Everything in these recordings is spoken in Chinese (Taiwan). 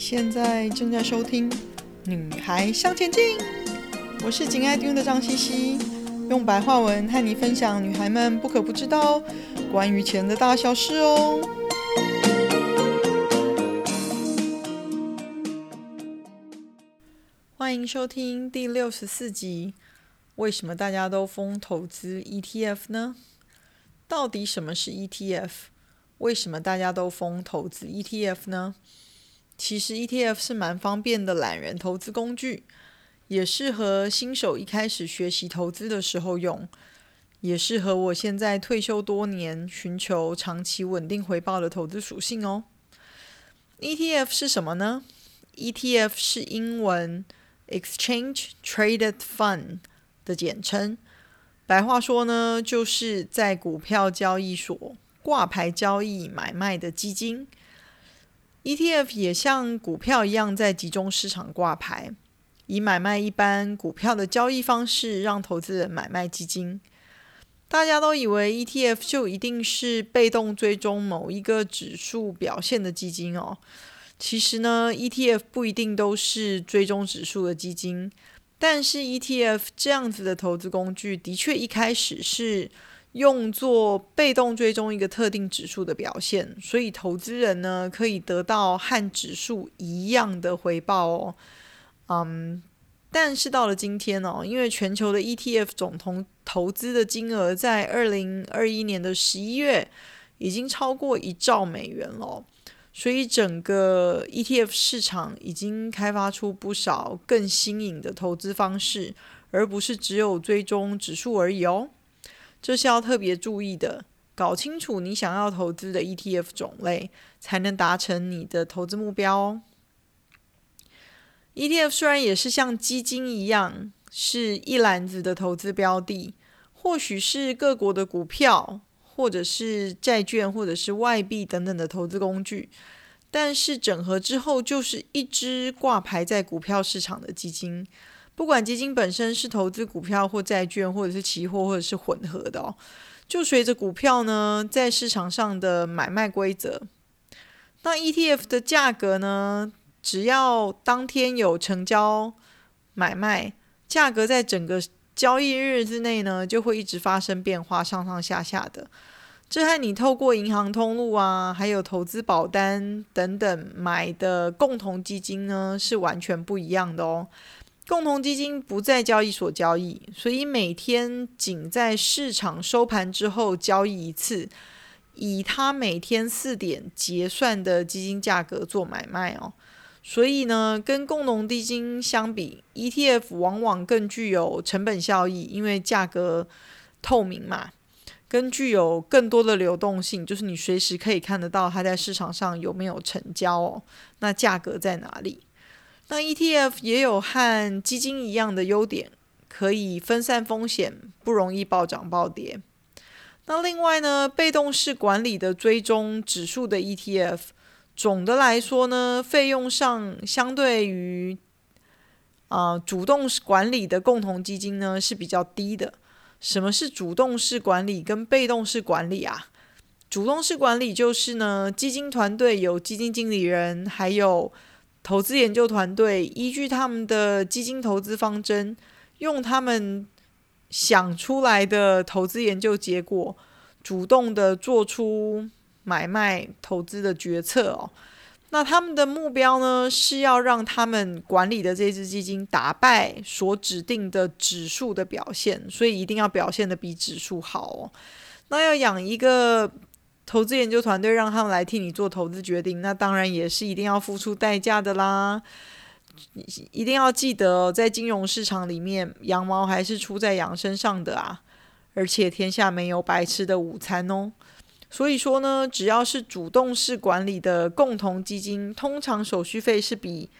現在正在收聽《女孩向前進》，我是錦愛聽的張茜茜，用白話文和你分享女孩們不可不知道關於錢的大小事哦。歡迎收聽第六十四集：為什麼大家都瘋投資 ETF 呢？到底什麼是 ETF？為什麼大家都瘋投資 ETF 呢？其實 ETF 是蠻方便的懶人投資工具，也適合新手一開始學習投資的時候用，也適合我現在退休多年，尋求長期穩定回報的投資屬性哦。ETF 是什麼呢？ETF 是英文 Exchange Traded Fund 的簡稱，白話說呢，就是在股票交易所掛牌交易買賣的基金。ETF 也像股票一樣在集中市場掛牌，以買賣一般股票的交易方式讓投資人買賣基金。大家都以為 ETF 就一定是被動追蹤某一個指數表現的基金哦，其實呢，ETF 不一定都是追蹤指數的基金，但是 ETF 這樣子的投資工具的確一開始是。用作被動追蹤一個特定指數的表現，所以投資人呢可以得到和指數一樣的回報哦。嗯、um，但是到了今天哦，因為全球的 ETF 總投投資的金額在二零二一年的十一月已經超過一兆美元了，所以整個 ETF 市場已經開發出不少更新穎的投資方式，而不是只有追蹤指數而已哦。這是要特別注意的，搞清楚你想要投資的 ETF 種類，才能達成你的投資目標哦。ETF 雖然也是像基金一樣，是一籃子的投資標的，或許是各國的股票，或者是債券，或者是外幣等等的投資工具，但是整合之後就是一隻掛牌在股票市場的基金。不管基金本身是投資股票或債券，或者是期貨，或者是混合的哦，就隨着股票呢在市場上的買賣規則，那 ETF 的價格呢，只要當天有成交買賣，價格在整個交易日之內呢，就會一直發生變化，上上下下的。這和你透過銀行通路啊，還有投資保單等等買的共同基金呢，是完全不一樣的哦。共同基金不在交易所交易，所以每天僅在市場收盤之後交易一次，以它每天四點結算的基金價格做買賣哦。所以呢，跟共同基金相比，ETF 往往更具有成本效益，因為價格透明嘛，更具有更多的流動性，就是你隨時可以看得到它在市場上有沒有成交哦，那價格在哪裡？那 ETF 也有和基金一樣的優點，可以分散風險，不容易暴漲暴跌。那另外呢，被動式管理的追蹤指數的 ETF，總的來說呢，費用上相對於啊、呃、主動式管理的共同基金呢是比較低的。什麼是主動式管理跟被動式管理啊？主動式管理就是呢，基金團隊有基金經理人，還有。投資研究團隊依據他們的基金投資方針，用他們想出來的投資研究結果，主動的做出買賣投資的決策哦。那他們的目標呢，是要讓他們管理的這支基金打敗所指定的指數的表現，所以一定要表現得比指數好哦。那要養一個。投資研究團隊，讓他們來替你做投資決定，那當然也是一定要付出代價的啦。一定要記得在金融市場裡面，羊毛還是出在羊身上的啊！而且天下沒有白吃的午餐哦。所以說呢，只要是主動式管理的共同基金，通常手續費是比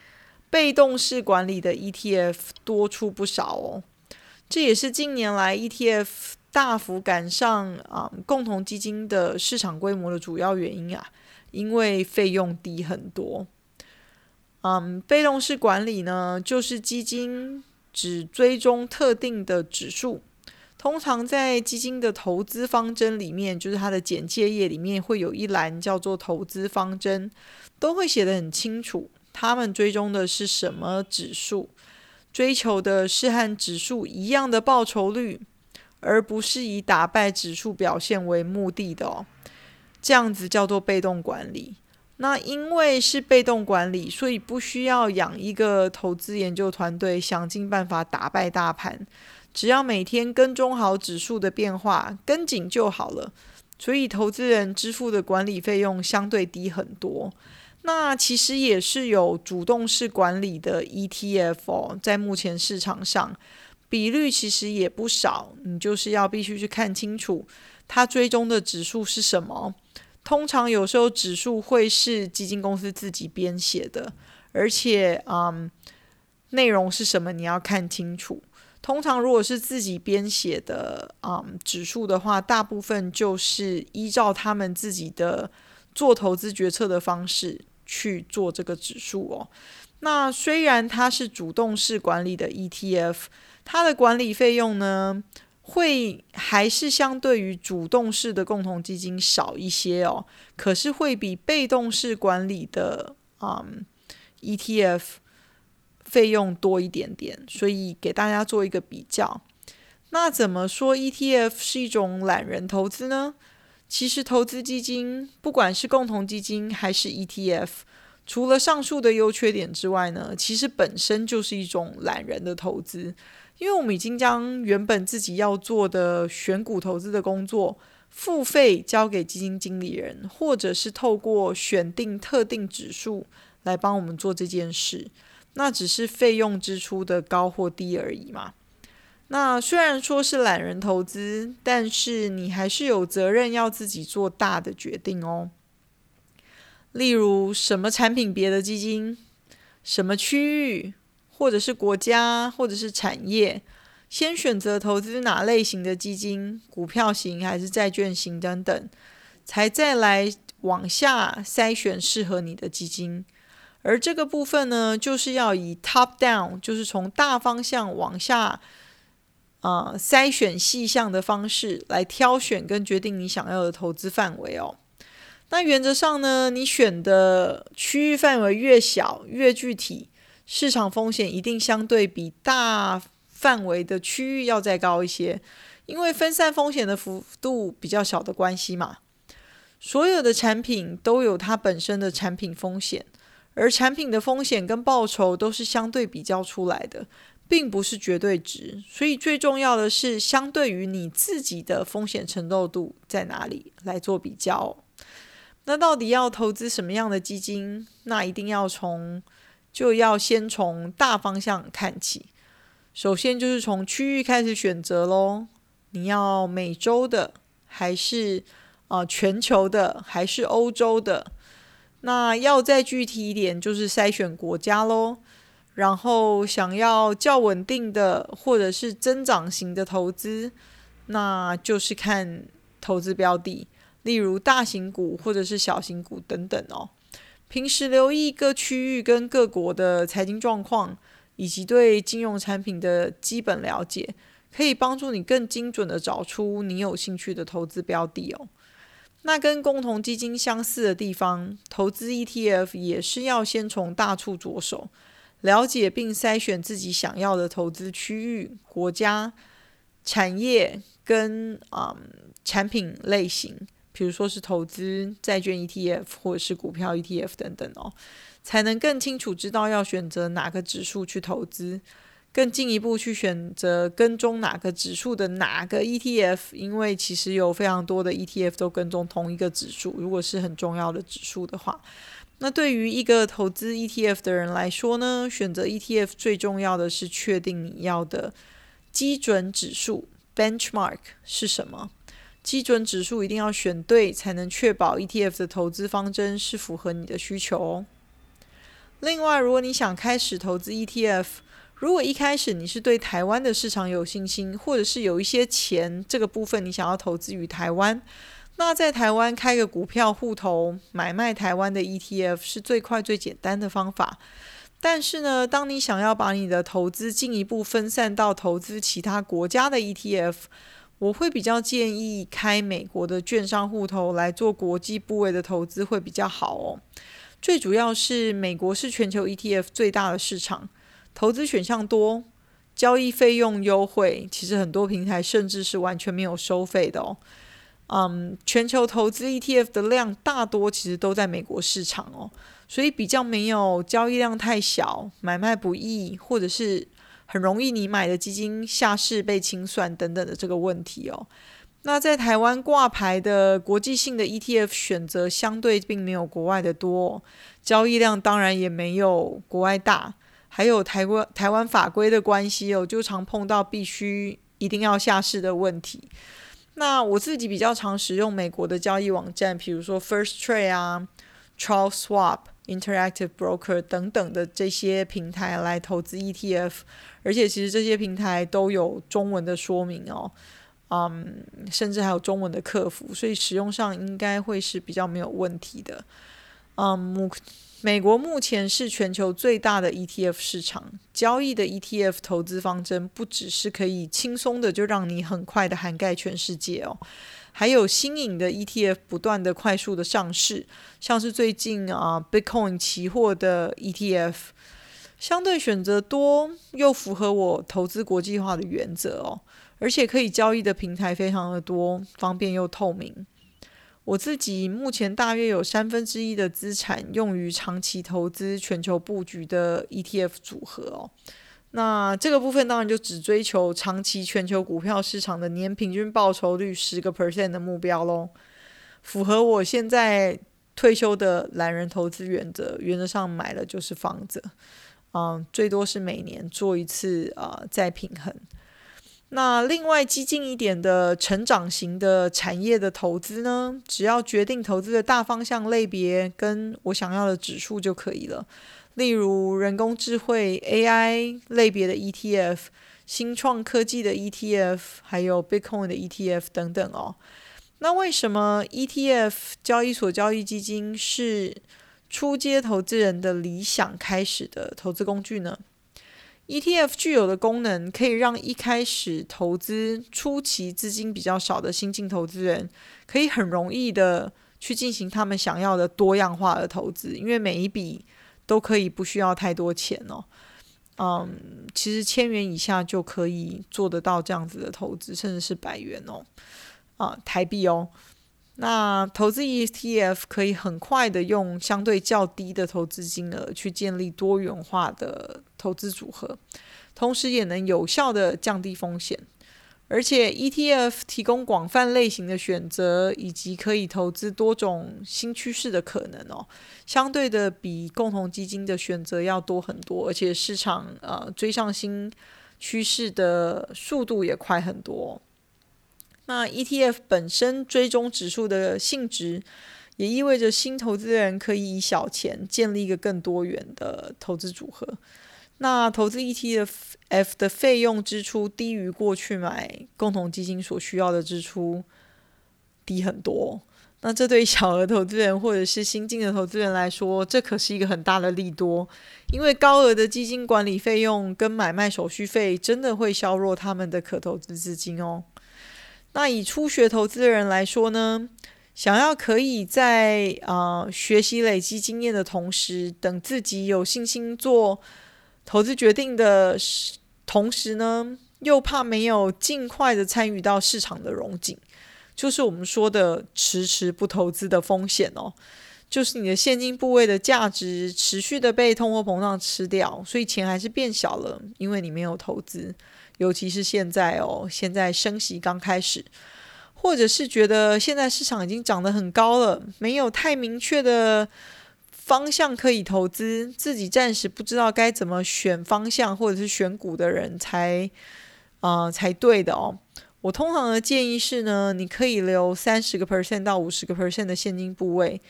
被動式管理的 ETF 多出不少哦。這也是近年來 ETF。大幅趕上啊，嗯，共同基金的市場規模的主要原因啊，因為費用低很多。嗯，被動式管理呢，就是基金只追蹤特定的指數。通常在基金的投資方針裡面，就是它的簡介頁裡面會有一欄叫做投資方針，都會寫得很清楚，他們追蹤的是什麼指數，追求的是和指數一樣的報酬率。而不是以打敗指數表現為目的的哦，這樣子叫做被動管理。那因為是被動管理，所以不需要養一個投資研究團隊，想盡辦法打敗大盤，只要每天跟蹤好指數的變化，跟緊就好了。所以投資人支付的管理費用相對低很多。那其實也是有主動式管理的 ETF 哦，在目前市場上。比率其實也不少，你就是要必須去看清楚，它追蹤的指數是什麼。通常有時候指數會是基金公司自己編寫的，而且，嗯，內容是什麼你要看清楚。通常如果是自己編寫的，嗯，指數的話，大部分就是依照他們自己的做投資決策的方式去做這個指數哦。那雖然它是主動式管理的 ETF。它的管理費用呢，會還是相對於主動式的共同基金少一些哦，可是會比被動式管理的、um, ETF 費用多一點點。所以給大家做一個比較。那怎麼說 ETF 是一種懶人投資呢？其實投資基金，不管是共同基金還是 ETF，除了上述的優缺點之外呢，其實本身就是一種懶人的投資。因為我們已經將原本自己要做的選股投資的工作付費交給基金經理人，或者是透過選定特定指數來幫我們做這件事，那只是費用支出的高或低而已嘛。那雖然說是懶人投資，但是你還是有責任要自己做大的決定哦。例如什麼產品、別的基金、什麼區域。或者是國家，或者是產業，先選擇投資哪類型的基金，股票型還是債券型等等，才再來往下篩選適合你的基金。而這個部分呢，就是要以 top down，就是從大方向往下啊、呃、篩選細項的方式來挑選跟決定你想要的投資範圍哦。那原則上呢，你選的區域範圍越小，越具體。市場風險一定相對比大範圍的區域要再高一些，因為分散風險的幅度比較小的關係嘛。所有的產品都有它本身的產品風險，而產品的風險跟報酬都是相對比較出來的，並不是絕對值。所以最重要的是，相對於你自己的風險承受度，度在哪裡來做比較。那到底要投資什麼樣的基金？那一定要從。就要先從大方向看起，首先就是從區域開始選擇咯。你要美洲的還是呃全球的還是歐洲的？那要再具體一點，就是篩選國家咯。然後想要較穩定的或者是增長型的投資，那就是看投資標的，例如大型股或者是小型股等等哦。平時留意各區域跟各國的財經狀況，以及對金融產品的基本了解，可以幫助你更精準地找出你有興趣的投資標的哦。那跟共同基金相似的地方，投資 ETF 也是要先從大處着手，了解並篩選自己想要的投資區域、國家、產業跟啊、嗯、產品類型。比如說是投資債券 ETF 或者是股票 ETF 等等哦，才能更清楚知道要選擇哪個指數去投資，更進一步去選擇跟蹤哪個指數的哪個 ETF。因為其實有非常多的 ETF 都跟蹤同一個指數，如果是很重要的指數的話，那對於一個投資 ETF 的人來說呢，選擇 ETF 最重要的是確定你要的基準指數 Benchmark 是什麼。基準指數一定要選對，才能確保 ETF 的投資方針是符合你的需求哦。另外，如果你想開始投資 ETF，如果一開始你是對台灣的市場有信心，或者是有一些錢，這個部分你想要投資於台灣，那在台灣開個股票戶頭，買賣台灣的 ETF 是最快最簡單的方法。但是呢，當你想要把你的投資進一步分散到投資其他國家的 ETF，我會比較建議開美國的券商戶頭來做國際部位的投資會比較好哦。最主要是美國是全球 ETF 最大的市場，投資選項多，交易費用優惠。其實很多平台甚至是完全沒有收費的哦。嗯，全球投資 ETF 的量大多其實都在美國市場哦，所以比較沒有交易量太小，買賣不易，或者是。很容易，你買的基金下市被清算等等的這個問題哦。那在台灣掛牌的國際性的 ETF 選擇相對並沒有國外的多哦，交易量當然也沒有國外大。還有台灣台灣法規的關係哦，就常碰到必須一定要下市的問題。那我自己比較常使用美國的交易網站，比如說 First Trade 啊，Charles Swap。Interactive Broker 等等的這些平台來投資 ETF，而且其實這些平台都有中文的說明哦，嗯，甚至還有中文的客服，所以使用上應該會是比較沒有問題的。嗯，美國目前是全球最大的 ETF 市場，交易的 ETF 投資方針不只是可以輕鬆的就讓你很快的涵蓋全世界哦。還有新穎的 ETF 不斷的快速的上市，像是最近啊 Bitcoin 期貨的 ETF，相對選擇多，又符合我投資國際化的原則哦，而且可以交易的平台非常的多，方便又透明。我自己目前大約有三分之一的資產用於長期投資全球布局的 ETF 組合哦。那這個部分當然就只追求長期全球股票市場的年平均報酬率十個 percent 的目標咯。符合我現在退休的懶人投資原則，原則上買了就是房子，嗯，最多是每年做一次啊再平衡。那另外激進一點的成長型的產業的投資呢，只要決定投資的大方向類別跟我想要的指數就可以了。例如人工智慧 AI 類別的 ETF、新創科技的 ETF，還有 Bitcoin 的 ETF 等等哦。那為什麼 ETF 交易所交易基金是初階投資人的理想開始的投資工具呢？ETF 具有的功能，可以讓一開始投資初期資金比較少的新進投資人，可以很容易的去進行他們想要的多樣化的投資，因為每一筆都可以不需要太多錢哦，嗯，其實千元以下就可以做得到這樣子的投資，甚至是百元哦，啊，台幣哦，那投資 ETF 可以很快的用相對較低的投資金額去建立多元化的投資組合，同時也能有效的降低風險。而且 ETF 提供廣泛類型的選擇，以及可以投資多種新趨勢的可能哦。相對的，比共同基金的選擇要多很多，而且市場呃追上新趨勢的速度也快很多。那 ETF 本身追蹤指數的性質，也意味着新投資人可以以小錢建立一個更多元的投資組合。那投資 ETF 的費的費用支出低於過去買共同基金所需要的支出低很多。那這對小額投資人或者是新進的投資人來說，這可是一個很大的利多，因為高額的基金管理費用跟買賣手續費真的會削弱他們的可投資資金哦。那以初學投資人來說呢，想要可以在啊、呃、學習累積經驗的同時，等自己有信心做。投資決定的，同時呢，又怕沒有盡快地參與到市場的榮景，就是我們說的遲遲不投資的風險哦。就是你的現金部位的價值持續地被通貨膨脹吃掉，所以錢還是變小了，因為你沒有投資。尤其是現在哦，現在升息剛開始，或者是覺得現在市場已經漲得很高了，沒有太明確的。方向可以投資，自己暫時不知道該怎麼選方向或者是選股的人才，啊、呃、才對的哦。我通常的建議是呢，你可以留三十個 percent 到五十個 percent 的現金部位，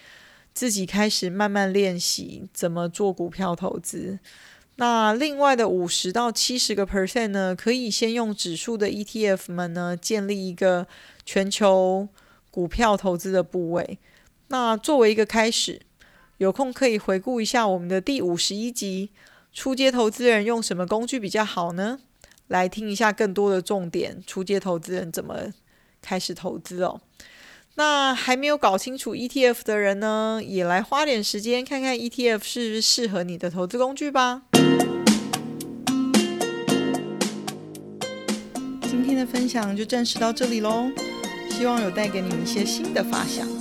自己開始慢慢練習怎麼做股票投資。那另外的五十到七十個 percent 呢，可以先用指數的 ETF 們呢，建立一個全球股票投資的部位。那作為一個開始。有空可以回顧一下我們的第五十一集，初階投資人用什麼工具比較好呢？來聽一下更多的重點，初階投資人怎麼開始投資哦。那還沒有搞清楚 ETF 的人呢，也來花點時間看看 ETF 是不是適合你的投資工具吧。今天的分享就暫時到這裡嘍，希望有帶給你們一些新的發想。